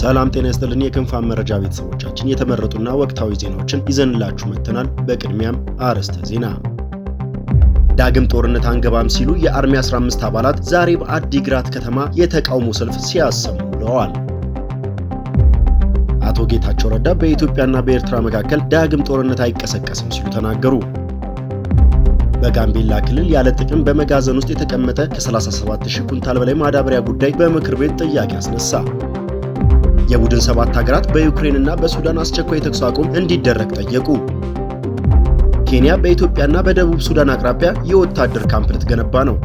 ሰላም ጤና ይስጥልን። የክንፋን መረጃ ቤተሰቦቻችን የተመረጡና ወቅታዊ ዜናዎችን ይዘንላችሁ መጥተናል። በቅድሚያም አርዕስተ ዜና። ዳግም ጦርነት አንገባም ሲሉ የአርሚ 15 አባላት ዛሬ በአዲግራት ከተማ የተቃውሞ ሰልፍ ሲያሰሙ ውለዋል። አቶ ጌታቸው ረዳ በኢትዮጵያና በኤርትራ መካከል ዳግም ጦርነት አይቀሰቀስም ሲሉ ተናገሩ። በጋምቤላ ክልል ያለ ጥቅም በመጋዘን ውስጥ የተቀመጠ ከ37000 ኩንታል በላይ ማዳበሪያ ጉዳይ በምክር ቤት ጥያቄ አስነሳ። የቡድን ሰባት ሀገራት በዩክሬንና በሱዳን አስቸኳይ የተኩስ አቁም እንዲደረግ ጠየቁ። ኬንያ በኢትዮጵያና በደቡብ ሱዳን አቅራቢያ የወታደር ካምፕ ልትገነባ ነው።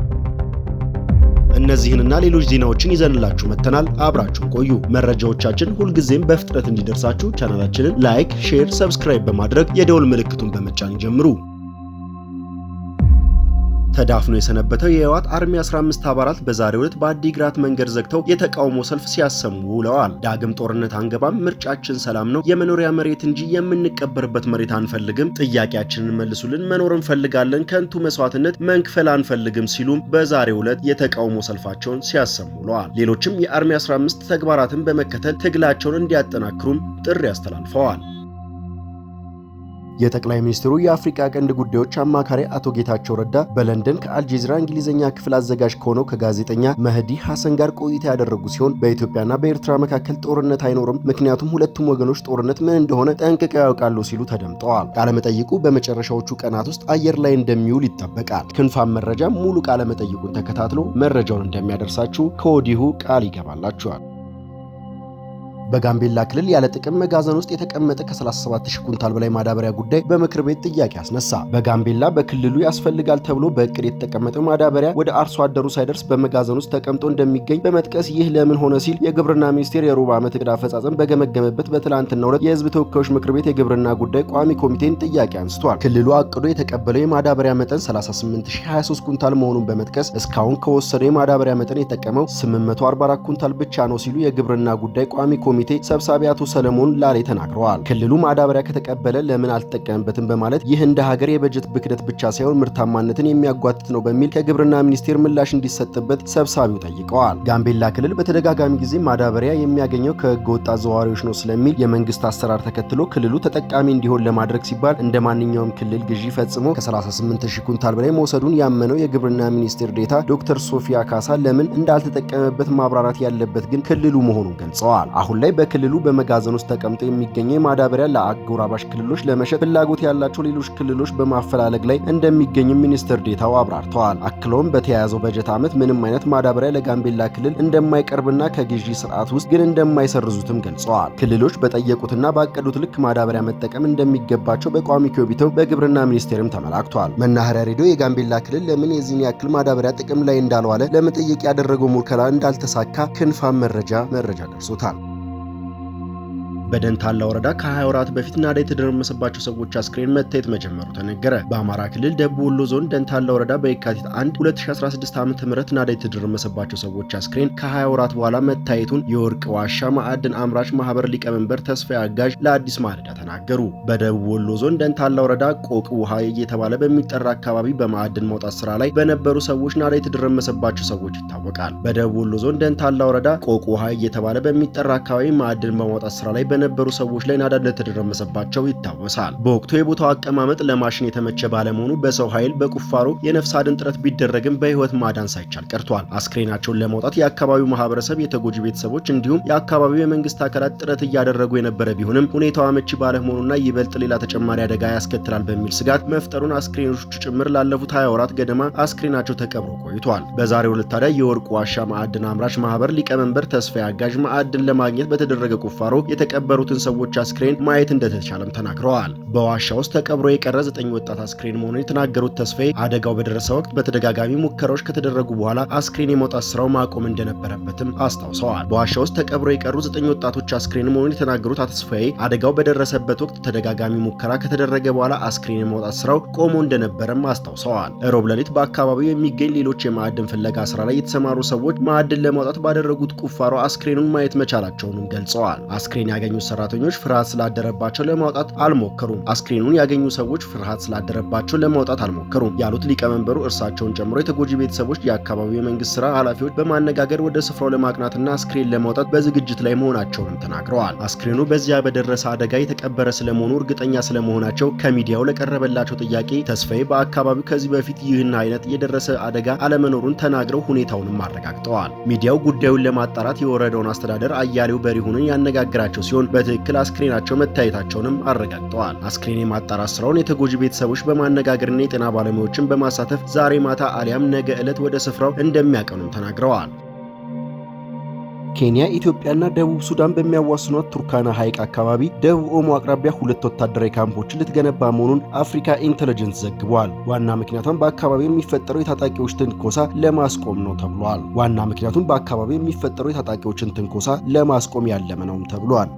እነዚህንና ሌሎች ዜናዎችን ይዘንላችሁ መጥተናል። አብራችሁ ቆዩ። መረጃዎቻችን ሁልጊዜም በፍጥነት እንዲደርሳችሁ ቻናላችንን ላይክ፣ ሼር፣ ሰብስክራይብ በማድረግ የደውል ምልክቱን በመጫን ጀምሩ። ተዳፍኖ የሰነበተው የህወሓት አርሚ 15 አባላት በዛሬው ዕለት በአዲግራት መንገድ ዘግተው የተቃውሞ ሰልፍ ሲያሰሙ ውለዋል። ዳግም ጦርነት አንገባም፣ ምርጫችን ሰላም ነው፣ የመኖሪያ መሬት እንጂ የምንቀበርበት መሬት አንፈልግም፣ ጥያቄያችንን መልሱልን፣ መኖር እንፈልጋለን፣ ከንቱ መስዋዕትነት መንክፈል አንፈልግም ሲሉም በዛሬው ዕለት የተቃውሞ ሰልፋቸውን ሲያሰሙ ውለዋል። ሌሎችም የአርሚ 15 ተግባራትን በመከተል ትግላቸውን እንዲያጠናክሩም ጥሪ አስተላልፈዋል። የጠቅላይ ሚኒስትሩ የአፍሪካ ቀንድ ጉዳዮች አማካሪ አቶ ጌታቸው ረዳ በለንደን ከአልጀዚራ እንግሊዝኛ ክፍል አዘጋጅ ከሆነው ከጋዜጠኛ መህዲ ሐሰን ጋር ቆይታ ያደረጉ ሲሆን በኢትዮጵያና በኤርትራ መካከል ጦርነት አይኖርም፣ ምክንያቱም ሁለቱም ወገኖች ጦርነት ምን እንደሆነ ጠንቅቀው ያውቃሉ ሲሉ ተደምጠዋል። ቃለመጠይቁ በመጨረሻዎቹ ቀናት ውስጥ አየር ላይ እንደሚውል ይጠበቃል። ክንፋም መረጃ ሙሉ ቃለመጠይቁን ተከታትሎ መረጃውን እንደሚያደርሳችሁ ከወዲሁ ቃል ይገባላችኋል። በጋምቤላ ክልል ያለ ጥቅም መጋዘን ውስጥ የተቀመጠ ከ37 ሺህ ኩንታል በላይ ማዳበሪያ ጉዳይ በምክር ቤት ጥያቄ አስነሳ። በጋምቤላ በክልሉ ያስፈልጋል ተብሎ በእቅድ የተቀመጠው ማዳበሪያ ወደ አርሶ አደሩ ሳይደርስ በመጋዘን ውስጥ ተቀምጦ እንደሚገኝ በመጥቀስ ይህ ለምን ሆነ ሲል የግብርና ሚኒስቴር የሩብ ዓመት እቅድ አፈጻጸም በገመገመበት በትላንትናው ዕለት የህዝብ ተወካዮች ምክር ቤት የግብርና ጉዳይ ቋሚ ኮሚቴን ጥያቄ አንስቷል። ክልሉ አቅዶ የተቀበለው የማዳበሪያ መጠን 38023 ኩንታል መሆኑን በመጥቀስ እስካሁን ከወሰደው የማዳበሪያ መጠን የጠቀመው 844 ኩንታል ብቻ ነው ሲሉ የግብርና ጉዳይ ቋሚ ኮሚቴ ኮሚቴ ሰብሳቢ አቶ ሰለሞን ላሌ ተናግረዋል። ክልሉ ማዳበሪያ ከተቀበለ ለምን አልተጠቀምበትም በማለት ይህ እንደ ሀገር የበጀት ብክነት ብቻ ሳይሆን ምርታማነትን የሚያጓትት ነው በሚል ከግብርና ሚኒስቴር ምላሽ እንዲሰጥበት ሰብሳቢው ጠይቀዋል። ጋምቤላ ክልል በተደጋጋሚ ጊዜ ማዳበሪያ የሚያገኘው ከህገ ወጥ አዘዋዋሪዎች ነው ስለሚል የመንግስት አሰራር ተከትሎ ክልሉ ተጠቃሚ እንዲሆን ለማድረግ ሲባል እንደ ማንኛውም ክልል ግዢ ፈጽሞ ከ38 ሺህ ኩንታል በላይ መውሰዱን ያመነው የግብርና ሚኒስቴር ዴታ ዶክተር ሶፊያ ካሳ ለምን እንዳልተጠቀመበት ማብራራት ያለበት ግን ክልሉ መሆኑን ገልጸዋል። አሁን ላይ ላይ በክልሉ በመጋዘን ውስጥ ተቀምጦ የሚገኘው የማዳበሪያ ለአጎራባሽ ክልሎች ለመሸጥ ፍላጎት ያላቸው ሌሎች ክልሎች በማፈላለግ ላይ እንደሚገኙ ሚኒስትር ዴታው አብራርተዋል። አክለውም በተያያዘው በጀት ዓመት ምንም አይነት ማዳበሪያ ለጋምቤላ ክልል እንደማይቀርብና ከግዢ ስርዓት ውስጥ ግን እንደማይሰርዙትም ገልጸዋል። ክልሎች በጠየቁትና ባቀዱት ልክ ማዳበሪያ መጠቀም እንደሚገባቸው በቋሚ ኮሚቴው በግብርና ሚኒስቴርም ተመላክቷል። መናኸሪያ ሬዲዮ የጋምቤላ ክልል ለምን የዚህን ያክል ማዳበሪያ ጥቅም ላይ እንዳልዋለ ለመጠየቅ ያደረገው ሙከራ እንዳልተሳካ ክንፋን መረጃ መረጃ ደርሶታል። በደንታላ ወረዳ ከ 24 ወራት በፊት ናዳ የተደረመሰባቸው ሰዎች አስክሬን መታየት መጀመሩ ተነገረ። በአማራ ክልል ደቡብ ወሎ ዞን ደንታላ ወረዳ በየካቲት 1 2016 ዓ.ም ናዳ የተደረመሰባቸው ሰዎች አስክሬን ከ20 ወራት በኋላ መታየቱን የወርቅ ዋሻ ማዕድን አምራች ማህበር ሊቀመንበር ተስፋ አጋዥ ለአዲስ ማለዳ ተናገሩ። በደቡብ ወሎ ዞን ደንታላ ወረዳ ቆቅ ውሃ እየተባለ በሚጠራ አካባቢ በማዕድን መውጣት ስራ ላይ በነበሩ ሰዎች ናዳ የተደረመሰባቸው ሰዎች ይታወቃል። በደቡብ ወሎ ዞን ደንታላ ወረዳ ቆቅ ውሃ እየተባለ በሚጠራ አካባቢ ማዕድን በማውጣት ስራ ላይ በነበሩ ሰዎች ላይ ናዳ እንደተደረመሰባቸው ይታወሳል። በወቅቱ የቦታው አቀማመጥ ለማሽን የተመቸ ባለመሆኑ በሰው ኃይል በቁፋሮ የነፍስ አድን ጥረት ቢደረግም በህይወት ማዳን ሳይቻል ቀርቷል። አስክሬናቸውን ለማውጣት የአካባቢው ማህበረሰብ፣ የተጎጂ ቤተሰቦች እንዲሁም የአካባቢው የመንግስት አካላት ጥረት እያደረጉ የነበረ ቢሆንም ሁኔታው አመቺ ባለመሆኑና ይበልጥ ሌላ ተጨማሪ አደጋ ያስከትላል በሚል ስጋት መፍጠሩን አስክሬኖቹ ጭምር ላለፉት 20 ወራት ገደማ አስክሬናቸው ተቀብሮ ቆይቷል። በዛሬው ዕለት ታዲያ የወርቅ ዋሻ ማዕድን አምራች ማህበር ሊቀመንበር ተስፋ አጋዥ ማዕድን ለማግኘት በተደረገ ቁፋሮ የተቀበ የነበሩትን ሰዎች አስክሬን ማየት እንደተቻለም ተናግረዋል። በዋሻ ውስጥ ተቀብሮ የቀረ ዘጠኝ ወጣት አስክሬን መሆኑን የተናገሩት ተስፋዬ አደጋው በደረሰ ወቅት በተደጋጋሚ ሙከራዎች ከተደረጉ በኋላ አስክሬን የመውጣት ስራው ማቆም እንደነበረበትም አስታውሰዋል። በዋሻ ውስጥ ተቀብሮ የቀሩ ዘጠኝ ወጣቶች አስክሬን መሆኑን የተናገሩት ተስፋዬ አደጋው በደረሰበት ወቅት ተደጋጋሚ ሙከራ ከተደረገ በኋላ አስክሬን የመውጣት ስራው ቆሞ እንደነበረም አስታውሰዋል። ሮብ ሌሊት በአካባቢው የሚገኝ ሌሎች የማዕድን ፍለጋ ስራ ላይ የተሰማሩ ሰዎች ማዕድን ለማውጣት ባደረጉት ቁፋሮ አስክሬኑን ማየት መቻላቸውንም ገልጸዋል። አስክሬን ያገኙ ያገኙት ሰራተኞች ፍርሃት ስላደረባቸው ለማውጣት አልሞከሩም፣ አስክሬኑን ያገኙ ሰዎች ፍርሃት ስላደረባቸው ለማውጣት አልሞከሩም ያሉት ሊቀመንበሩ እርሳቸውን ጨምሮ የተጎጂ ቤተሰቦች የአካባቢው የመንግስት ስራ ኃላፊዎች በማነጋገር ወደ ስፍራው ለማቅናትና አስክሬን ለማውጣት በዝግጅት ላይ መሆናቸውንም ተናግረዋል። አስክሬኑ በዚያ በደረሰ አደጋ የተቀበረ ስለመሆኑ እርግጠኛ ስለመሆናቸው ከሚዲያው ለቀረበላቸው ጥያቄ ተስፋዬ በአካባቢው ከዚህ በፊት ይህን አይነት የደረሰ አደጋ አለመኖሩን ተናግረው ሁኔታውንም አረጋግጠዋል። ሚዲያው ጉዳዩን ለማጣራት የወረደውን አስተዳደር አያሌው በሪሁንን ያነጋግራቸው ሲሆን በትክክል አስክሬናቸው መታየታቸውንም አረጋግጠዋል። አስክሬን የማጣራት ስራውን የተጎጂ ቤተሰቦች በማነጋገርና የጤና ባለሙያዎችን በማሳተፍ ዛሬ ማታ አሊያም ነገ ዕለት ወደ ስፍራው እንደሚያቀኑም ተናግረዋል። ኬንያ ኢትዮጵያና ደቡብ ሱዳን በሚያዋስኗት ቱርካና ሐይቅ አካባቢ ደቡብ ኦሞ አቅራቢያ ሁለት ወታደራዊ ካምፖች ልትገነባ መሆኑን አፍሪካ ኢንተለጀንስ ዘግቧል። ዋና ምክንያቱም በአካባቢው የሚፈጠረው የታጣቂዎች ትንኮሳ ለማስቆም ነው ተብሏል። ዋና ምክንያቱም በአካባቢው የሚፈጠረው የታጣቂዎችን ትንኮሳ ለማስቆም ያለመ ነውም ተብሏል።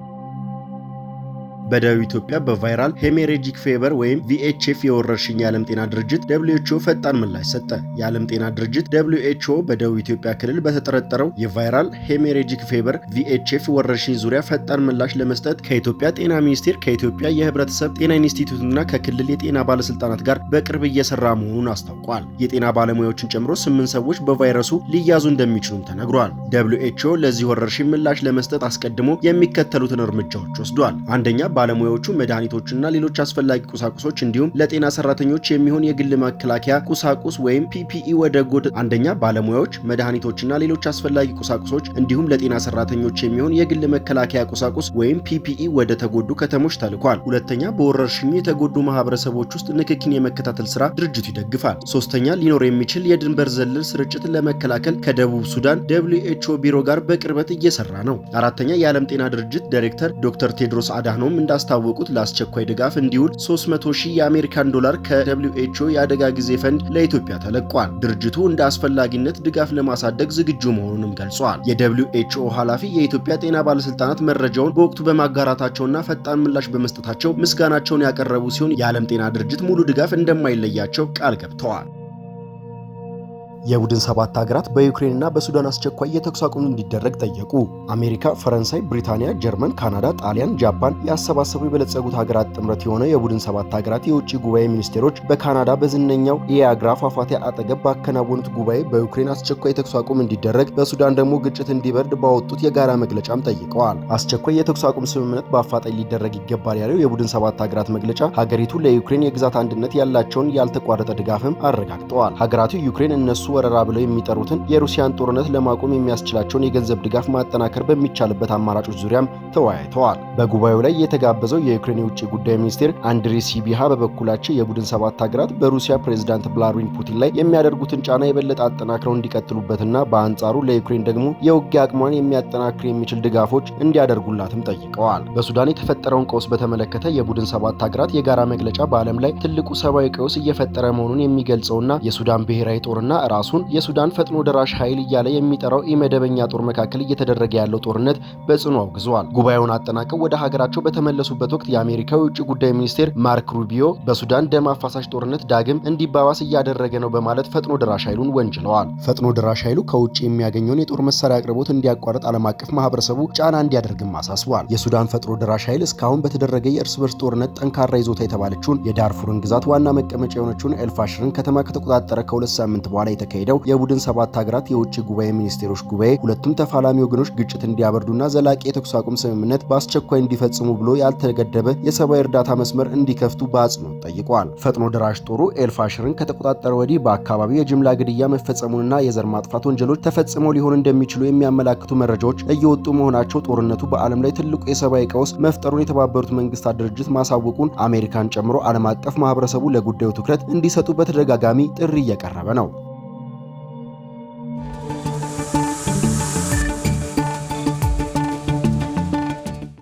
በደቡብ ኢትዮጵያ በቫይራል ሄሜሬጂክ ፌቨር ወይም ቪኤችኤፍ የወረርሽኝ የዓለም ጤና ድርጅት ደብሊው ኤችኦ ፈጣን ምላሽ ሰጠ። የዓለም ጤና ድርጅት ደብሊው በደቡብ ኢትዮጵያ ክልል በተጠረጠረው የቫይራል ሄሜሬጂክ ፌቨር ቪኤችኤፍ ወረርሽኝ ዙሪያ ፈጣን ምላሽ ለመስጠት ከኢትዮጵያ ጤና ሚኒስቴር፣ ከኢትዮጵያ የህብረተሰብ ጤና ኢንስቲትዩትና ከክልል የጤና ባለስልጣናት ጋር በቅርብ እየሰራ መሆኑን አስታውቋል። የጤና ባለሙያዎችን ጨምሮ ስምንት ሰዎች በቫይረሱ ሊያዙ እንደሚችሉም ተነግሯል። ደብሊው ኤችኦ ለዚህ ወረርሽኝ ምላሽ ለመስጠት አስቀድሞ የሚከተሉትን እርምጃዎች ወስዷል። አንደኛ ባለሙያዎቹ መድኃኒቶችና ሌሎች አስፈላጊ ቁሳቁሶች እንዲሁም ለጤና ሰራተኞች የሚሆን የግል መከላከያ ቁሳቁስ ወይም ፒፒኢ ወደ ጎድ አንደኛ ባለሙያዎች መድኃኒቶችና ሌሎች አስፈላጊ ቁሳቁሶች እንዲሁም ለጤና ሰራተኞች የሚሆን የግል መከላከያ ቁሳቁስ ወይም ፒፒኢ ወደ ተጎዱ ከተሞች ተልኳል። ሁለተኛ በወረርሽኙ የተጎዱ ማህበረሰቦች ውስጥ ንክኪን የመከታተል ስራ ድርጅቱ ይደግፋል። ሶስተኛ ሊኖር የሚችል የድንበር ዘለል ስርጭት ለመከላከል ከደቡብ ሱዳን ደብሊው ኤች ኦ ቢሮ ጋር በቅርበት እየሰራ ነው። አራተኛ የዓለም ጤና ድርጅት ዳይሬክተር ዶክተር ቴድሮስ አዳህኖም እንዳስታወቁት ለአስቸኳይ ድጋፍ እንዲውል 300 ሺህ የአሜሪካን ዶላር ከደብሊው ኤች ኦ የአደጋ ጊዜ ፈንድ ለኢትዮጵያ ተለቋል። ድርጅቱ እንደ አስፈላጊነት ድጋፍ ለማሳደግ ዝግጁ መሆኑንም ገልጿል። የደብሊው ኤች ኦ ኃላፊ የኢትዮጵያ ጤና ባለስልጣናት መረጃውን በወቅቱ በማጋራታቸውና ፈጣን ምላሽ በመስጠታቸው ምስጋናቸውን ያቀረቡ ሲሆን የዓለም ጤና ድርጅት ሙሉ ድጋፍ እንደማይለያቸው ቃል ገብተዋል። የቡድን ሰባት ሀገራት በዩክሬንና በሱዳን አስቸኳይ የተኩስ አቁም እንዲደረግ ጠየቁ። አሜሪካ፣ ፈረንሳይ፣ ብሪታንያ፣ ጀርመን፣ ካናዳ፣ ጣሊያን፣ ጃፓን ያሰባሰቡ የበለጸጉት ሀገራት ጥምረት የሆነ የቡድን ሰባት ሀገራት የውጭ ጉባኤ ሚኒስቴሮች በካናዳ በዝነኛው የአግራ ፏፏቴ አጠገብ ባከናወኑት ጉባኤ በዩክሬን አስቸኳይ የተኩስ አቁም እንዲደረግ፣ በሱዳን ደግሞ ግጭት እንዲበርድ ባወጡት የጋራ መግለጫም ጠይቀዋል። አስቸኳይ የተኩስ አቁም ስምምነት በአፋጣኝ ሊደረግ ይገባል ያለው የቡድን ሰባት ሀገራት መግለጫ ሀገሪቱ ለዩክሬን የግዛት አንድነት ያላቸውን ያልተቋረጠ ድጋፍም አረጋግጠዋል። ሀገራቱ ዩክሬን እነሱ ወረራ ብለው የሚጠሩትን የሩሲያን ጦርነት ለማቆም የሚያስችላቸውን የገንዘብ ድጋፍ ማጠናከር በሚቻልበት አማራጮች ዙሪያም ተወያይተዋል። በጉባኤው ላይ የተጋበዘው የዩክሬን የውጭ ጉዳይ ሚኒስቴር አንድሬ ሲቢሃ በበኩላቸው የቡድን ሰባት ሀገራት በሩሲያ ፕሬዚዳንት ቭላድሚር ፑቲን ላይ የሚያደርጉትን ጫና የበለጠ አጠናክረው እንዲቀጥሉበትና በአንጻሩ ለዩክሬን ደግሞ የውጊያ አቅሟን የሚያጠናክር የሚችል ድጋፎች እንዲያደርጉላትም ጠይቀዋል። በሱዳን የተፈጠረውን ቀውስ በተመለከተ የቡድን ሰባት ሀገራት የጋራ መግለጫ በዓለም ላይ ትልቁ ሰብአዊ ቀውስ እየፈጠረ መሆኑን የሚገልጸውና የሱዳን ብሔራዊ ጦርና ራ ራሱን የሱዳን ፈጥኖ ደራሽ ኃይል እያለ የሚጠራው ኢመደበኛ ጦር መካከል እየተደረገ ያለው ጦርነት በጽኑ አውግዘዋል። ጉባኤውን አጠናቀው ወደ ሀገራቸው በተመለሱበት ወቅት የአሜሪካው የውጭ ጉዳይ ሚኒስቴር ማርክ ሩቢዮ በሱዳን ደም አፋሳሽ ጦርነት ዳግም እንዲባባስ እያደረገ ነው በማለት ፈጥኖ ደራሽ ኃይሉን ወንጅለዋል። ፈጥኖ ደራሽ ኃይሉ ከውጭ የሚያገኘውን የጦር መሳሪያ አቅርቦት እንዲያቋርጥ ዓለም አቀፍ ማህበረሰቡ ጫና እንዲያደርግም አሳስቧል። የሱዳን ፈጥኖ ደራሽ ኃይል እስካሁን በተደረገ የእርስ በርስ ጦርነት ጠንካራ ይዞታ የተባለችውን የዳርፉርን ግዛት ዋና መቀመጫ የሆነችውን ኤልፋሽርን ከተማ ከተቆጣጠረ ከሁለት ሳምንት በኋላ የተካሄደው የቡድን ሰባት ሀገራት የውጭ ጉባኤ ሚኒስቴሮች ጉባኤ ሁለቱም ተፋላሚ ወገኖች ግጭት እንዲያበርዱና ዘላቂ የተኩስ አቁም ስምምነት በአስቸኳይ እንዲፈጽሙ ብሎ ያልተገደበ የሰብአዊ እርዳታ መስመር እንዲከፍቱ በአጽንኦት ጠይቋል። ፈጥኖ ደራሽ ጦሩ ኤልፋሽርን ከተቆጣጠረ ወዲህ በአካባቢው የጅምላ ግድያ መፈጸሙንና የዘር ማጥፋት ወንጀሎች ተፈጽመው ሊሆን እንደሚችሉ የሚያመላክቱ መረጃዎች እየወጡ መሆናቸው ጦርነቱ በዓለም ላይ ትልቁ የሰብአዊ ቀውስ መፍጠሩን የተባበሩት መንግስታት ድርጅት ማሳወቁን አሜሪካን ጨምሮ ዓለም አቀፍ ማህበረሰቡ ለጉዳዩ ትኩረት እንዲሰጡ በተደጋጋሚ ጥሪ እየቀረበ ነው።